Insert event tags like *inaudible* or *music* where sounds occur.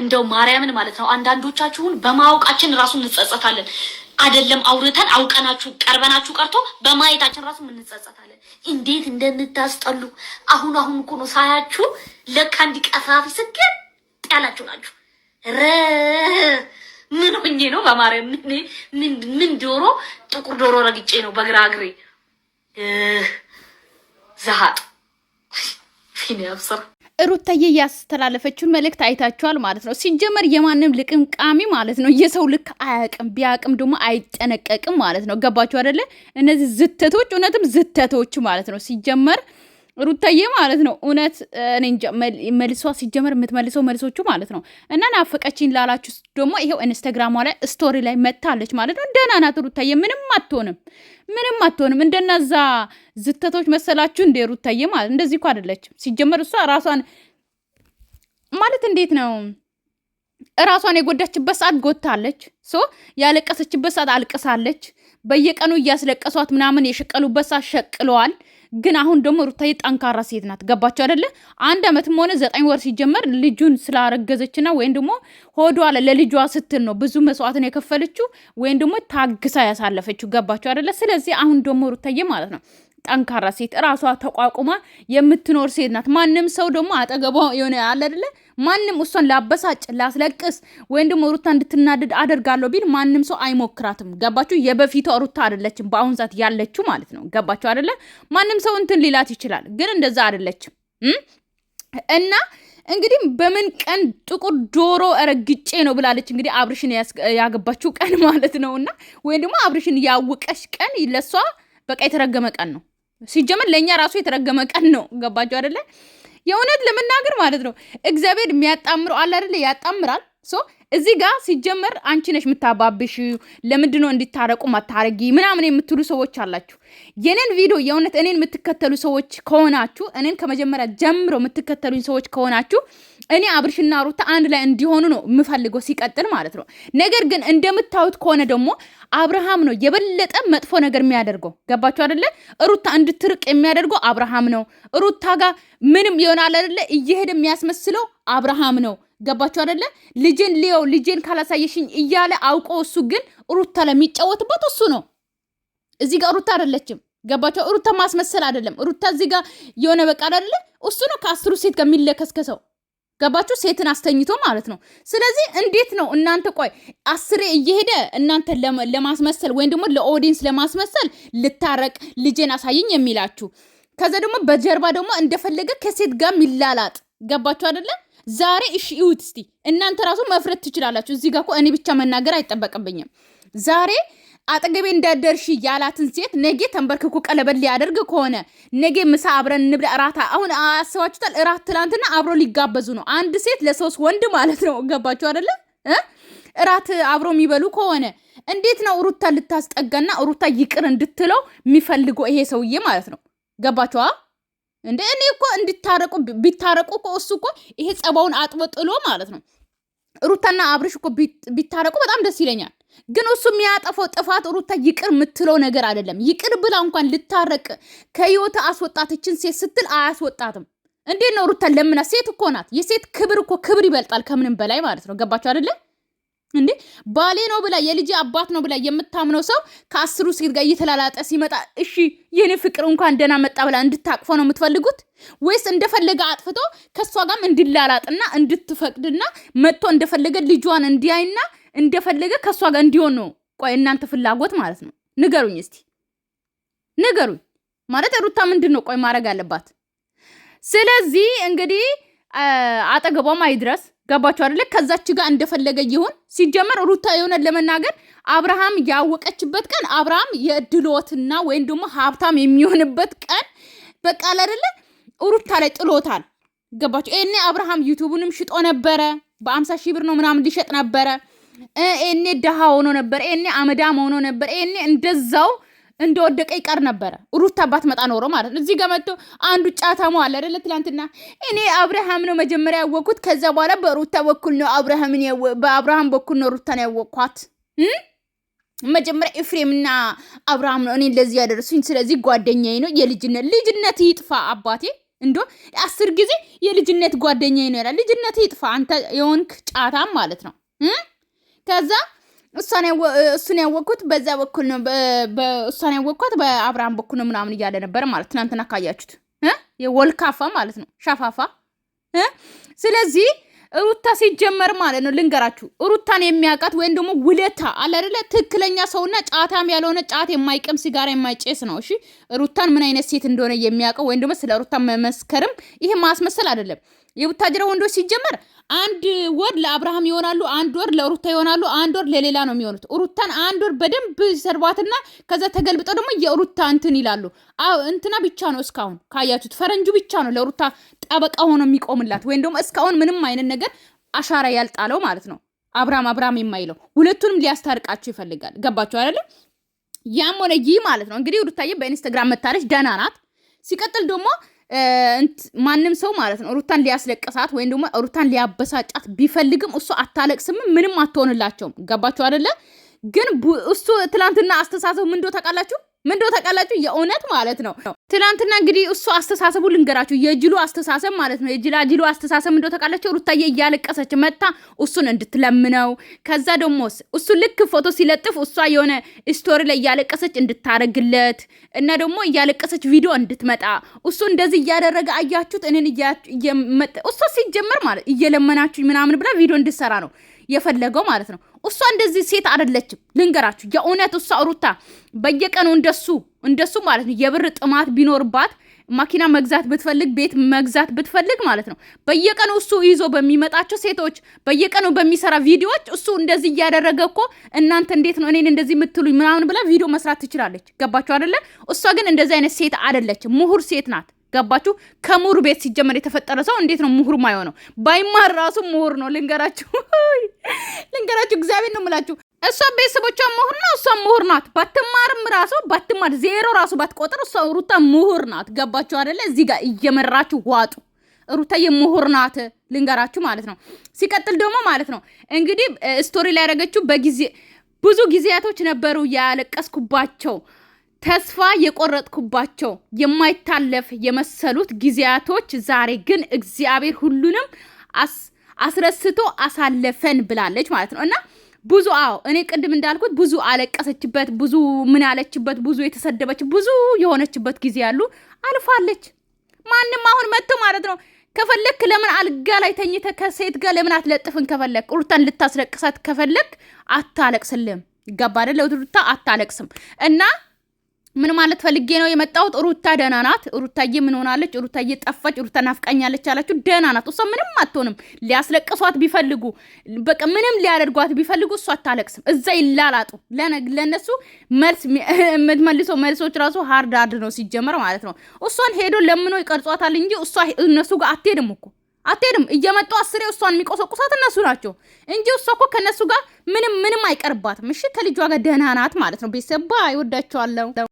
እንደው ማርያምን ማለት ነው። አንዳንዶቻችሁን በማወቃችን ራሱ እንጸጸታለን። አይደለም አውርተን አውቀናችሁ ቀርበናችሁ ቀርቶ በማየታችን ራሱ እንጸጸታለን። እንዴት እንደምታስጠሉ አሁን አሁን እኮ ነው ሳያችሁ፣ ለካ እንዲህ ቀፋፊ ስገን ያላችሁ ናችሁ። ረ ምን ሆኜ ነው በማርያም ምን ዶሮ ጥቁር ዶሮ ረግጬ ነው በግራ እግሬ ዛሃጥ ፊኔ አብሰር ሩታዬ ያስተላለፈችውን መልእክት አይታችኋል ማለት ነው። ሲጀመር የማንም ልቅም ቃሚ ማለት ነው የሰው ልክ አያቅም፣ ቢያቅም ደግሞ አይጠነቀቅም ማለት ነው። ገባችሁ አደለ? እነዚህ ዝተቶች እውነትም ዝተቶች ማለት ነው ሲጀመር ሩታዬ ማለት ነው እውነት መልሷ ሲጀመር የምትመልሰው መልሶቹ ማለት ነው። እና ናፈቀችኝ ላላችሁ ደግሞ ይሄው ኢንስተግራሟ ላይ ስቶሪ ላይ መታለች ማለት ነው። ደህና ናት ሩታዬ፣ ምንም አትሆንም፣ ምንም አትሆንም። እንደነዛ ዝተቶች መሰላችሁ እንደ ሩታዬ ማለት እንደዚህ እኮ አደለች። ሲጀመር እሷ ራሷን ማለት እንዴት ነው እራሷን የጎዳችበት ሰዓት ጎታለች፣ ሶ ያለቀሰችበት ሰዓት አልቅሳለች። በየቀኑ እያስለቀሷት ምናምን የሸቀሉበት ሰዓት ሸቅለዋል። ግን አሁን ደግሞ ሩታዬ ጠንካራ ሴት ናት። ገባቸው አደለ? አንድ አመትም ሆነ ዘጠኝ ወር ሲጀመር ልጁን ስላረገዘችና ወይም ደግሞ ሆዷ ለልጇ ስትል ነው ብዙ መስዋዕትን የከፈለችው ወይም ደግሞ ታግሳ ያሳለፈችው። ገባቸው አደለ? ስለዚህ አሁን ደግሞ ሩታዬ ማለት ነው ጠንካራ ሴት እራሷ ተቋቁማ የምትኖር ሴት ናት። ማንም ሰው ደግሞ አጠገቧ የሆነ አለ አደለ? ማንም እሷን ላበሳጭ ላስለቅስ ወይም ደግሞ ሩታ እንድትናደድ አደርጋለሁ ቢል ማንም ሰው አይሞክራትም። ገባችሁ? የበፊቷ ሩታ አይደለችም፣ በአሁን ሰዓት ያለችው ማለት ነው። ገባችሁ አደለ። ማንም ሰው እንትን ሊላት ይችላል፣ ግን እንደዛ አይደለችም እና እንግዲህ በምን ቀን ጥቁር ዶሮ ረግጬ ነው ብላለች። እንግዲህ አብርሽን ያገባችው ቀን ማለት ነው እና ወይም ደግሞ አብርሽን ያወቀሽ ቀን ለሷ በቃ የተረገመ ቀን ነው። ሲጀመር ለእኛ ራሱ የተረገመ ቀን ነው። ገባችሁ አደለ። የእውነት ለመናገር ማለት ነው እግዚአብሔር የሚያጣምረው አለ አይደለ? ያጣምራል። ሶ እዚህ ጋር ሲጀመር አንቺ ነሽ የምታባብሽ። ለምንድን ነው እንዲታረቁ ማታረጊ ምናምን የምትሉ ሰዎች አላችሁ። የኔን ቪዲዮ የእውነት እኔን የምትከተሉ ሰዎች ከሆናችሁ እኔን ከመጀመሪያ ጀምሮ የምትከተሉኝ ሰዎች ከሆናችሁ እኔ አብርሽና ሩታ አንድ ላይ እንዲሆኑ ነው የምፈልገው ሲቀጥል ማለት ነው። ነገር ግን እንደምታዩት ከሆነ ደግሞ አብርሃም ነው የበለጠ መጥፎ ነገር የሚያደርገው ገባችሁ አደለ? ሩታ እንድትርቅ የሚያደርገው አብርሃም ነው። ሩታ ጋር ምንም ይሆናል አደለ? እየሄደ የሚያስመስለው አብርሃም ነው። ገባችሁ አደለ? ልጄን ልየው ልጄን ካላሳየሽኝ እያለ አውቆ እሱ ግን ሩታ ለሚጫወትበት እሱ ነው። እዚህ ጋር ሩታ አደለችም። ገባችሁ? ሩታ ማስመሰል አደለም። ሩታ እዚህ ጋር የሆነ በቃል አደለ? እሱ ነው ከአስሩ ሴት ጋር የሚለከስከሰው ገባችሁ? ሴትን አስተኝቶ ማለት ነው። ስለዚህ እንዴት ነው እናንተ ቆይ አስሬ እየሄደ እናንተ ለማስመሰል ወይም ደግሞ ለኦዲንስ ለማስመሰል ልታረቅ ልጄን አሳይኝ የሚላችሁ ከዛ ደግሞ በጀርባ ደግሞ እንደፈለገ ከሴት ጋር ሚላላጥ ገባችሁ አይደለም? ዛሬ እሺ እዩት እስቲ እናንተ ራሱ መፍረት ትችላላችሁ። እዚህ ጋር እኮ እኔ ብቻ መናገር አይጠበቅብኝም ዛሬ አጠገቤ እንዳደርሽ ያላትን ሴት ነጌ ተንበርክኮ ቀለበት ሊያደርግ ከሆነ ነጌ ምሳ አብረን እንብላ እራት። አሁን አስባችሁታል? እራት ትላንትና አብሮ ሊጋበዙ ነው። አንድ ሴት ለሶስት ወንድ ማለት ነው። ገባችሁ አይደለ? እራት አብሮ የሚበሉ ከሆነ እንዴት ነው ሩታ ልታስጠጋና ሩታ ይቅር እንድትለው የሚፈልገው ይሄ ሰውዬ ማለት ነው። ገባችኋ? እንደ እኔ እኮ እንድታረቁ ቢታረቁ እኮ እሱ እኮ ይሄ ጸባውን አጥበጥሎ ማለት ነው። ሩታና አብርሽ እኮ ቢታረቁ በጣም ደስ ይለኛል። ግን እሱ የሚያጠፈው ጥፋት ሩታ ይቅር የምትለው ነገር አይደለም። ይቅር ብላ እንኳን ልታረቅ ከህይወት አስወጣትችን ሴት ስትል አያስወጣትም። እንዴት ነው ሩታ ለምና ሴት እኮ ናት። የሴት ክብር እኮ ክብር ይበልጣል ከምንም በላይ ማለት ነው። ገባችሁ አይደለም? እንዴ ባሌ ነው ብላ የልጅ አባት ነው ብላ የምታምነው ሰው ከአስሩ ሴት ጋር እየተላላጠ ሲመጣ እሺ የኔ ፍቅር እንኳን ደህና መጣ ብላ እንድታቅፎ ነው የምትፈልጉት ወይስ እንደፈለገ አጥፍቶ ከእሷ ጋም እንዲላላጥና እንድትፈቅድና መጥቶ እንደፈለገ ልጇን እንዲያይና እንደፈለገ ከእሷ ጋር እንዲሆን ነው? ቆይ እናንተ ፍላጎት ማለት ነው። ንገሩኝ እስቲ ንገሩኝ። ማለት ሩታ ምንድን ነው ቆይ ማድረግ አለባት? ስለዚህ እንግዲህ አጠገቧም አይድረስ ገባችሁ አደለ ከዛች ጋር እንደፈለገ ይሁን። ሲጀመር ሩታ የሆነ ለመናገር አብርሃም ያወቀችበት ቀን አብርሃም የድሎትና ወይም ደግሞ ሀብታም የሚሆንበት ቀን በቃል አደለ? ሩታ ላይ ጥሎታል። ገባችሁ? ይሄኔ አብርሃም ዩቱቡንም ሽጦ ነበረ በአምሳ ሺህ ብር ነው ምናምን ሊሸጥ ነበረ። ኔ ደሃ ሆኖ ነበር። ኔ አመዳም ሆኖ ነበር። ኔ እንደዛው እንደወደቀ ይቀር ነበረ። ሩታ አባት መጣ ኖሮ ማለት ነው። እዚህ ጋ መጥቶ አንዱ ጫታሙ አለ አይደለ? ትላንትና እኔ አብርሃም ነው መጀመሪያ ያወቅኩት፣ ከዛ በኋላ በሩታ በኩል ነው አብርሃምን፣ በአብርሃም በኩል ነው ሩታን ያወቅኳት። መጀመሪያ ኤፍሬምና አብርሃም ነው እኔ ለዚህ ያደረሱኝ። ስለዚህ ጓደኛዬ ነው የልጅነት ልጅነት ይጥፋ አባቴ እንዶ አስር ጊዜ የልጅነት ጓደኛዬ ነው ይላል። ልጅነት ይጥፋ አንተ የሆንክ ጫታም ማለት ነው ከዛ እሱን ያወቅኩት በዛ በኩል ነው፣ እሷን ያወቅኳት በአብርሃም በኩል ነው ምናምን እያለ ነበር ማለት ትናንትና ካያችሁት የወልካፋ ማለት ነው ሻፋፋ። ስለዚህ ሩታ ሲጀመር ማለት ነው ልንገራችሁ፣ ሩታን የሚያውቃት ወይም ደግሞ ውለታ አለርለ ትክክለኛ ሰውና ጫታም ያልሆነ ጫት የማይቀም ሲጋራ የማይጨስ ነው። እሺ ሩታን ምን አይነት ሴት እንደሆነ የሚያውቀው ወይም ደግሞ ስለ ሩታ መመስከርም ይሄ ማስመሰል አይደለም። የቡታጅራ ወንዶች ሲጀመር አንድ ወር ለአብርሃም ይሆናሉ፣ አንድ ወር ለሩታ ይሆናሉ፣ አንድ ወር ለሌላ ነው የሚሆኑት። ሩታን አንድ ወር በደንብ ሰርቧትና ከዛ ተገልብጠው ደግሞ የሩታ እንትን ይላሉ። አዎ እንትና ብቻ ነው እስካሁን ካያችሁት ፈረንጁ ብቻ ነው ለሩታ ጠበቃ ሆኖ የሚቆምላት ወይም ደግሞ እስካሁን ምንም አይነት ነገር አሻራ ያልጣለው ማለት ነው። አብርሃም አብርሃም የማይለው ሁለቱንም ሊያስታርቃችሁ ይፈልጋል። ገባችሁ አይደለም? ያም ሆነ ይህ ማለት ነው እንግዲህ ሩታዬ በኢንስታግራም መታለች፣ ደህና ናት። ሲቀጥል ደግሞ ማንም ሰው ማለት ነው ሩታን ሊያስለቅሳት ወይም ደግሞ ሩታን ሊያበሳጫት ቢፈልግም እሱ አታለቅስም፣ ምንም አትሆንላቸውም። ገባችሁ አደለ ግን እሱ ትላንትና አስተሳሰቡ ምን ታውቃላችሁ? ምንዶ ተቀላችሁ የእውነት ማለት ነው። ትናንትና እንግዲህ እሱ አስተሳሰቡ ልንገራችሁ፣ የጅሉ አስተሳሰብ ማለት ነው። የጅላጅሉ አስተሳሰብ ምንዶ ተቃላቸው ሩታዬ እያለቀሰች መታ እሱን እንድትለምነው ከዛ ደግሞ እሱ ልክ ፎቶ ሲለጥፍ እሷ የሆነ ስቶሪ ላይ እያለቀሰች እንድታረግለት እና ደግሞ እያለቀሰች ቪዲዮ እንድትመጣ እሱ እንደዚህ እያደረገ አያችሁት። እኔን እሱ ሲጀመር ማለት እየለመናችሁ ምናምን ብላ ቪዲዮ እንድትሰራ ነው የፈለገው ማለት ነው። እሷ እንደዚህ ሴት አደለችም ልንገራችሁ የእውነት እሷ ሩታ በየቀኑ እንደሱ እንደሱ ማለት ነው የብር ጥማት ቢኖርባት ማኪና መግዛት ብትፈልግ ቤት መግዛት ብትፈልግ ማለት ነው በየቀኑ እሱ ይዞ በሚመጣቸው ሴቶች በየቀኑ በሚሰራ ቪዲዮዎች እሱ እንደዚህ እያደረገ እኮ እናንተ እንዴት ነው እኔን እንደዚህ የምትሉኝ ምናምን ብላ ቪዲዮ መስራት ትችላለች። ገባችሁ አደለ? እሷ ግን እንደዚህ አይነት ሴት አይደለችም። ምሁር ሴት ናት። ገባችሁ? ከምሁር ቤት ሲጀመር የተፈጠረ ሰው እንዴት ነው ምሁር ማይሆነው? ባይማር ራሱ ምሁር ነው። ልንገራችሁ ልንገራችሁ፣ እግዚአብሔር ነው ምላችሁ። እሷ ቤተሰቦቿ ምሁር ነው፣ እሷ ምሁር ናት። ባትማርም ራሱ ባትማር ዜሮ ራሱ ባትቆጥር እሷ ሩታ ምሁር ናት። ገባችሁ አደለ? እዚህ ጋር እየመራችሁ ዋጡ። ሩታ የምሁር ናት ልንገራችሁ ማለት ነው። ሲቀጥል ደግሞ ማለት ነው እንግዲህ ስቶሪ ላይ ያደረገችው በጊዜ ብዙ ጊዜያቶች ነበሩ ያለቀስኩባቸው ተስፋ የቆረጥኩባቸው የማይታለፍ የመሰሉት ጊዜያቶች ዛሬ ግን እግዚአብሔር ሁሉንም አስረስቶ አሳለፈን ብላለች ማለት ነው እና ብዙ አዎ እኔ ቅድም እንዳልኩት ብዙ አለቀሰችበት፣ ብዙ ምን ያለችበት፣ ብዙ የተሰደበች፣ ብዙ የሆነችበት ጊዜ ያሉ አልፋለች። ማንም አሁን መጥቶ ማለት ነው ከፈለክ ለምን አልጋ ላይ ተኝተ ከሴት ጋር ለምን አትለጥፍን? ከፈለክ ሩታን ልታስለቅሳት ከፈለክ አታለቅስልም። ይገባ አይደል? ሩታ አታለቅስም እና ምን ማለት ፈልጌ ነው የመጣሁት? ሩታ ደህና ናት። ሩታዬ ምን ሆናለች? ሩታዬ ጠፋች። ሩታ ናፍቃኛለች አላችሁ። ደህና ናት እሷ። ምንም አትሆንም። ሊያስለቅሷት ቢፈልጉ በቃ ምንም ሊያደርጓት ቢፈልጉ እሷ አታለቅስም። እዛ ይላላጡ። ለነሱ መልስ *laughs* የምትመልሰው መልሶች ራሱ ሀርድ ሀርድ ነው ሲጀመር ማለት ነው። እሷን ሄዶ ለምኖ ይቀርጿታል እንጂ እሷ እነሱ ጋር አትሄድም እኮ አትሄድም እየመጡ አስሬ እሷን የሚቆሰቁሳት እነሱ ናቸው እንጂ እሷ እኮ ከእነሱ ጋር ምንም ምንም አይቀርባትም። እሺ ከልጇ ጋር ደህና ናት ማለት ነው። ቤተሰብ አይወዳቸዋለሁ።